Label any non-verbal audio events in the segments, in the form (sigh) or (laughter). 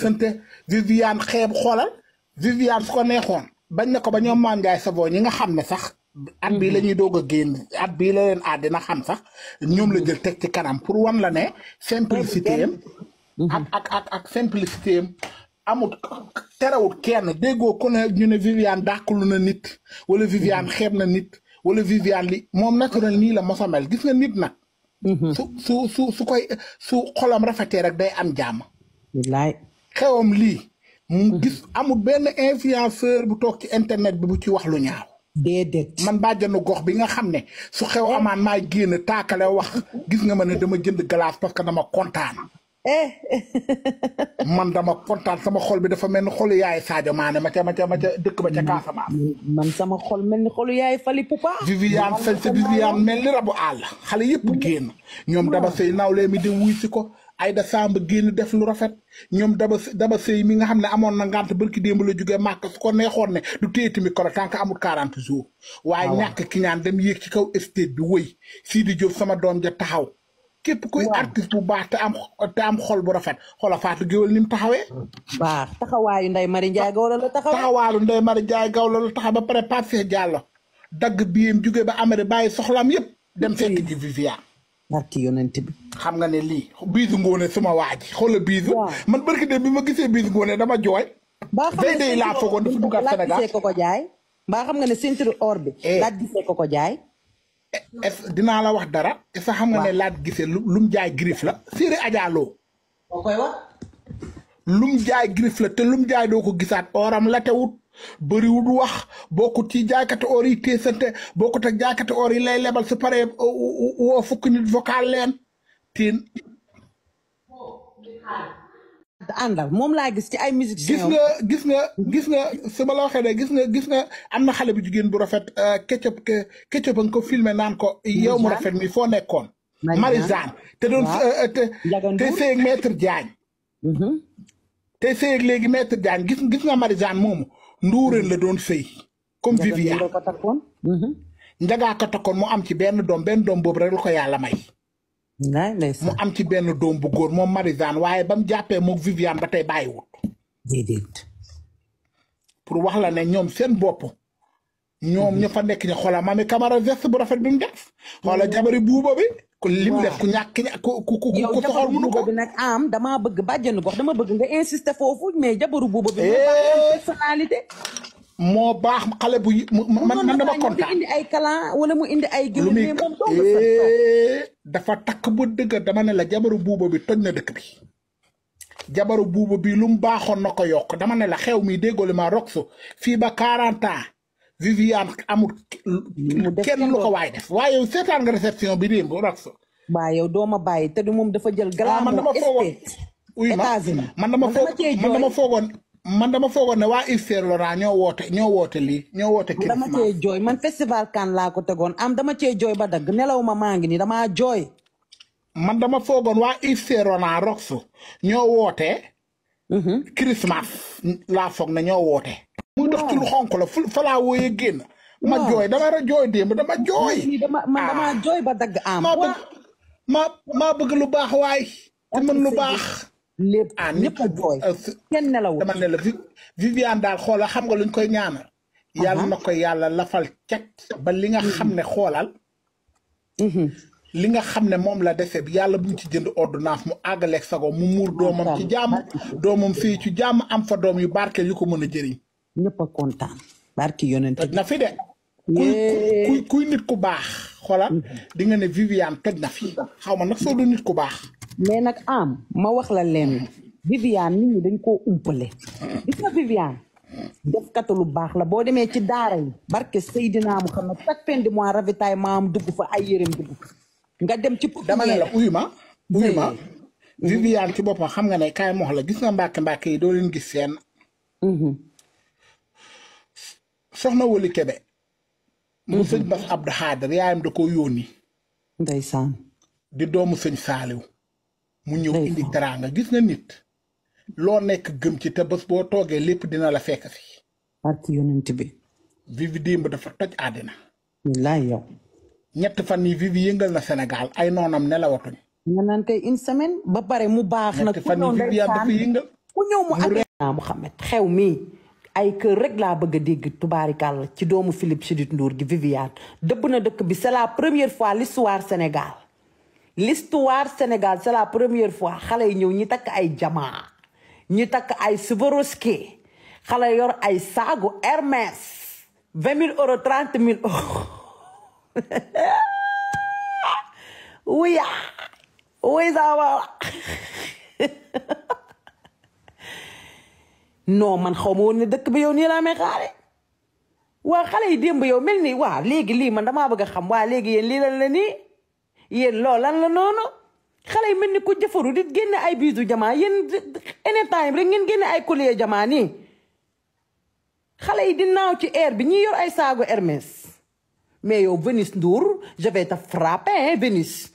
sante Viviane xeeb xoolal Viviane su ko neexoon bañ na ko ba ñoom Mame Ndiaye ñi nga xam ne sax at bii mhm. la ñuy doog a génn at bii la leen àddina xam sax ñoom la mhm. jël teg ci kanam pour wan la ne simplicité am ak mhm. ak ak ak simplicité am amut terewut kenn déggoo ku ne ñu ne Viviane dàqalu na nit wala Viviane xeeb na nit wala Viviane li moom naturel nii la mosamel gis nga nit na su su su su koy su xolam rafetee rek day am jàmm xewam lii. mu mhm. gis amul benn influenceur bu toog ci internet bi bu ci wax lu ñaaw. déedéet man bàjjenu gox bi nga xam ne su xew eh? amaan maa génn taakale wax gis nga ma ne dama jënd glace parce que dama kontaan. Eh? (laughs) man dama kontaan sama xol bi dafa mel ni xolu yaay Sadio Mané ma ca ma ca ma ca dëkk ba ca Casamance. man sama xol mel ni xolu yaay Fally mel ni rabu àll xale yëpp génn ñoom daba sey ay Aïda Samb génn def lu rafet ñoom daba daba sëy mi nga xam ne amoon na ngant barki démb la jógee màkk ko neexoon ne du téyeti mi koro tant que amul quarante jours ah waaye ñàkk ki ñaan dem yéeg ci kaw stade bi wëy Sidi Diop sama doom ja taxaw képp kuy artiste bu baax te am te am xol bu rafet xoolal Fatou Gueye ni mu taxawee. baax taxawaayu Ndeye Marie Ndiaye Gawla la taxawee. taxawaayu Ndeye Marie Ndiaye Gawla la taxaw ba pare Pape Cheikh Diallo dagg biim jóge ba Amady bàyyi soxlaam yëpp dem fekk ji Viviane. barki yonent bi. xam nga ne lii biisu ngoone suma waa ji xoolal biisu. man barki de bi ma gisee biisu ngoone dama jooy. baa xam ne day laa foogoon dafa dugg Sénégal gisee ko ko jaay. mbaa xam nga ne ceinture or bi. Eh. laaj gisee ko ko jaay. Eh, dinaa la wax dara. est ce xam nga ne laaj gisee lum jaay griffe la. Siré Adja Lo. lum jaay griffe la te lum jaay doo ko gisaat oram la te bëriwul wax bokkut ci jaaykati or yi téesante bokkut ak jaaykati or yi lay lebal su paree uh, uh, uh, woo fukki nit vocal leen tiin moom laa gis ci ay musique gis nga gis nga gis nga su gis nga gis nga am na xale bu jigéen bu rafet Ketchup Ketchup nga ko filmé naan ko yow mu rafet mi foo nekkoon Marisane te doon te seeg maître Diagne mhm. te seeg léegi maître Diagne gis gis nga Marisane moomu nduuréen la doon sëy comme Viviane njagaa ko mhm. mu am ci benn doom benn doom boobu rek la ko yàlla may mu am ci benn doom bu góor moom Marisane waaye ba mu jàppee mook Viviane ba tey bàyyiwut déedéet wax la ne ñoom seen bopp ñoom ñu fa nekk ña xoolal maami Camara veste bu rafet bi mu def. xoolal jabari buuba bi. ku lim def ku ñàkk ña ku ku ku ku soxor mënu ko. nag am damaa bëgg bàjjenu gox dama bëgg nga insister foofu mais jabaru buuba bi. Eh. personnalité. moo baax xale bu man man dama kontaan indi ay kalan wala mu indi ay. lu muy eh, dafa takk bu dëgg dama ne la jabaru buuba bi toj na dëkk bi. jabaru buuba bi lu mu baaxoon na ko yokk dama ne la xew mi déggoo li ma roksu fii ba 40 ans. Viviane amul. mu def kenn lu ko waay def waaye yow seetaan nga réception bi démb Rakso. waa yow doo ma bàyyi te du moom dafa jël. Ah, galaamu man dama foogoon man dama foogoon man dama foogoon ne waa Yves Saint Laurent ñoo woote ñoo woote lii ñoo woote. dama cee jooy man festival laa ko tegoon am dama cee jooy ba dagg nelaw ma maa ngi nii damaa jooy. man dama foogoon waa Yves ñoo woote. Mhm. Christmas laa foog ne ñoo woote. muy dox ci lu xonk la fu falaawo yee génn. ma jooy dama ra jooy ma dama jooy. dama man dama ah. jooy ba dagg am. maa bëgg lu baax waay. ku mën lu baax. lépp ah, ñëpp a jooy euh, kenn nelawul daal xoolal xam nga luñ koy ñaana yàlla uh-huh. na koy yàlla lafal cat. ba li nga xam mm-hmm. ne xoolal. Mm-hmm. li nga xam ne moom la dese bi yàlla bu ñu ci jënd ordonnance mu àggaleeg sago mu muur doomam ci jàmm doomam fii ci jàmm am fa doom yu barkeel yu ko mën a jëriñ. ñëpp a kontaan. barki yonent toj na fi de. kuy kuy nit ku baax. xoolal mm-hmm. di nga ne Viviane toj na fi. xaw ma nag soo du nit ku baax. mais nag am ma wax la leen Viviane nit ñi dañ koo umpale. gis nga Viviane. lu baax la boo demee ci daara yi. barke Seydina Muhammad chaque fin de mois ravitaillement am dugg fa ay yërëm nga dem ci. dama ne la uyu ma uyu ma. Viviane ci boppam xam nga ne kaay mox la gis nga mbàkk mbàkk yi doo leen gis seen. Mm-hmm. soxna Wali Kebe. mu sëñ Bass Abdou Xaadir yaayam da koo yónni. ndeysaan. di doomu sëñ Saaliw. mu ñëw indi teraanga gis na nit. loo nekk gëm ci te bés boo toogee lépp dina la fekk si. barke yonent bi. Vivi démb dafa toj àddina. wallaay ñett fan yi Vivi yëngal na Sénégal ay noonam nelawatuñ. ñu naan tey une ba pare mu baax nag. ñett fan yi Vivi ñëw mu àgg. Muhammad xew mi. ay kër rek laa bëgg a dégg tubaarikàlla ci doomu Philippe Chidid Ndour gi Viviane dëbb na dëkk bi c'est la première fois l'histoire Sénégal l'histoire Sénégal c'est la première fois xale yi ñëw ñi takk ay jamaa ñi takk ay Swarovski xale yor ay saagu Hermès vingt mille euros trente mille euros wuya wuy saa نو من خمون دك بيو نيلا مخالي وخالي ديم بيو ملني وا ليغي لي من دا ما بغا خم وا ليغي ين لي لان لني ين لو لان لنونو خالي ملني كو جفرو ديت ген اي بيزو جماع ين اني تايم رين ين اي كولية جماع ني خالي دي ناو تي اير بي نيور اي ساغو ارميس مي يو فينيس ندور جفيتا فرابة إيه هين فينيس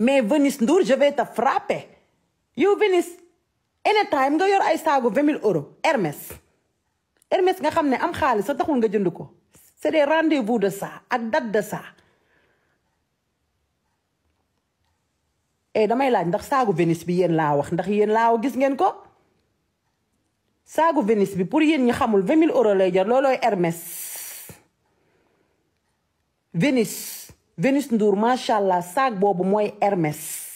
مي فينيس ندور جفيتا فرابة يو فينيس anytime nga yor ay saagu vingt mille euros Hermès nga xam ne am xaalis sa taxul nga jënd ko c'est des rendez-vous de ça ak date de ça eh damay laaj ndax saagu Vénus bi yéen laa wax ndax yéen laa gis ngeen ko saagu Vénus bi pour yéen ñi xamul vingt mille lay jar loolooy Hermès Vénus Vénus Ndour macha allah saak boobu mooy Hermès.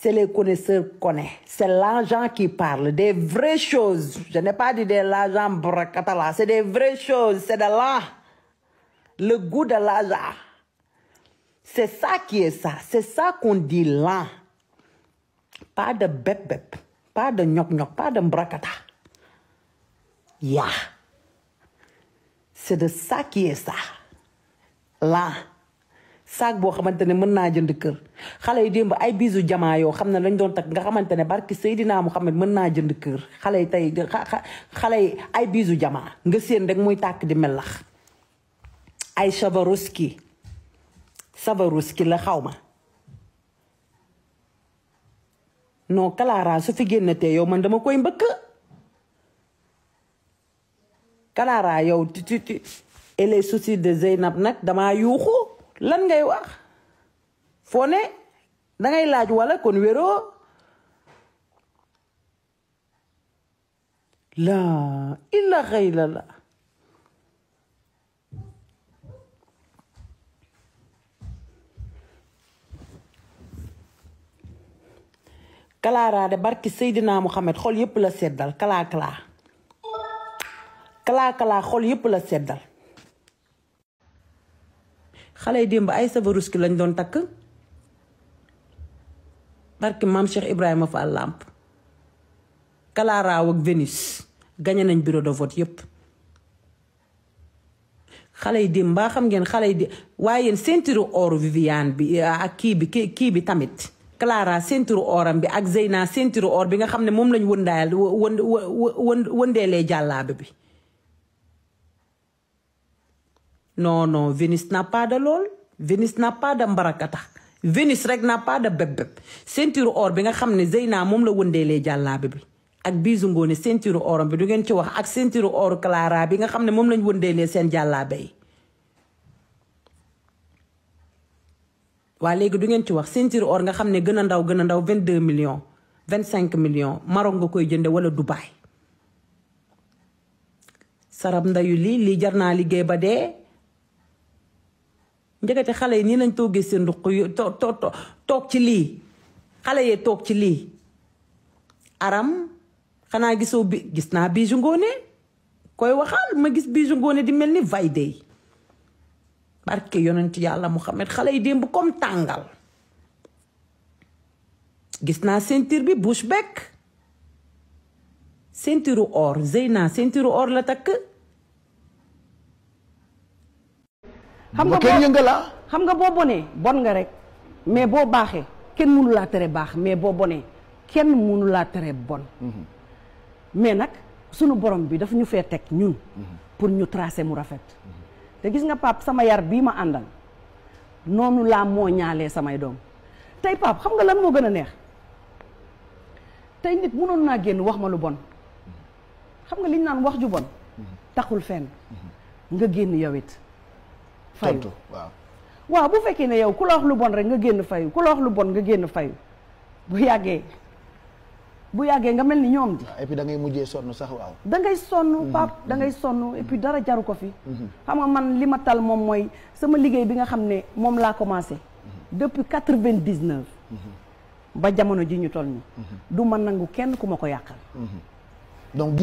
c'est les connaisseurs connaissent. C'est l'argent qui parle, des vraies choses. Je n'ai pas dit de l'argent là. c'est des vraies choses, c'est de là. Le goût de l'argent. C'est ça qui est ça, c'est ça qu'on dit là. Pas de bep bep, pas de gnoc gnoc, pas de bracata. Ya. C'est de ça qui est ça. Là. saak boo xamante ne mën naa jënd kër xale yi démb ay bisu jamaa yoo xam ne lañ doon takk nga xamante ne barki Seydina Muhammad mën naa jënd kër xale yi tey xale yi ay bisu jamaa nga séen rek muy tàkk di melax ay Swarovski Swarovski la xaw ma non Clara su fi génnatee yow man dama koy mbëkk Clara yow ti ti ti et les soucis de nag damaa yuuxu lan ngay wax foo ne dangay laaj wala kon wéroo laa ilaha illallah kalaaraa barki Seydina Muhammad xol yépp la seddal kalaa kalaa kalaa kalaa xol yépp la seddal xale yi démb ay savaruski lañ doon takk barki maam Cheikh Ibrahima fa Lamp Kalaraaw ak Vénus gañe nañ bureau de vote yépp xale yi démb mbaa xam ngeen xale yi di waaye yéen ceinture or Viviane bi ah, ak kii bi kii bi tamit kalaaraa ceinture oram bi ak Zeyna ceinture or bi nga xam ne moom lañ wëndaayal wën wëndeelee jàllaabe bi non non Vénus n'a pas de lool Vénus n'a pas de mbarakata rek n'a pas de bépp-bépp or bi nga xam ne naa moom la wëndeelee jàllaabe bi ak biisu ngoone ceinture oram bi du ngeen ci wax ak ceinture or Clara nga xam ne moom lañ wëndeelee seen jàllaabe yi waa léegi du ngeen ci wax ceinture or nga xam ne gën ndaw gën a ndaw 22 millions 25 millions Maroc nga koy jënde wala Dubaï sarab ndayu li lii jar naa liggéey ba dee njëkkate xale yi nii lañ toogee seen ruq yu toog ci lii xale yee toog ci lii aram xanaa gisoo bi gis naa Bijou ngoone koy waxal ma gis Bijou ngoone di mel ni vaiday barke yonent yàlla Muhammad xale yi démb comme tàngal gis naa ceinture bi bouche bekk ceinture or Zeyna ceinture or la takk xam nga kenn yëngal la ah? xam nga boo bonee bon nga rek mais boo baaxee kenn mënu laa tere baax mais boo bonee kenn mënu laa tere bon mhm. mais sunu borom bi daf ñu fee nyu, ñun mhm. pour ñu tracer mu rafet mhm. gis nga pap sama yar ma àndal noonu laa moo sama samay doom pap xam nga lan moo gën a neex tey nit mënoon naa génn wax ma lu bon xam nga liñ wax ju bon taxul fenn nga génn yow fayu waaw waaw bu fekkee ne yow ku la wax lu bon rek nga génn fay ku la wax lu bon nga génn fay bu yàggee bu yàggee nga mel ni ñoom di et puis da ngay mujjee sonn sax waaw da ngay sonn mhm. pap da ngay mhm. sonn et dara jaru ko fi mhm. man li ma tal moom mooy sama liggéey bi nga xam ne moom laa commencé depuis quatre-vingt-dix-neuf ba jamono ji ñu toll nii du ma nangu kenn ku ma ko yàqal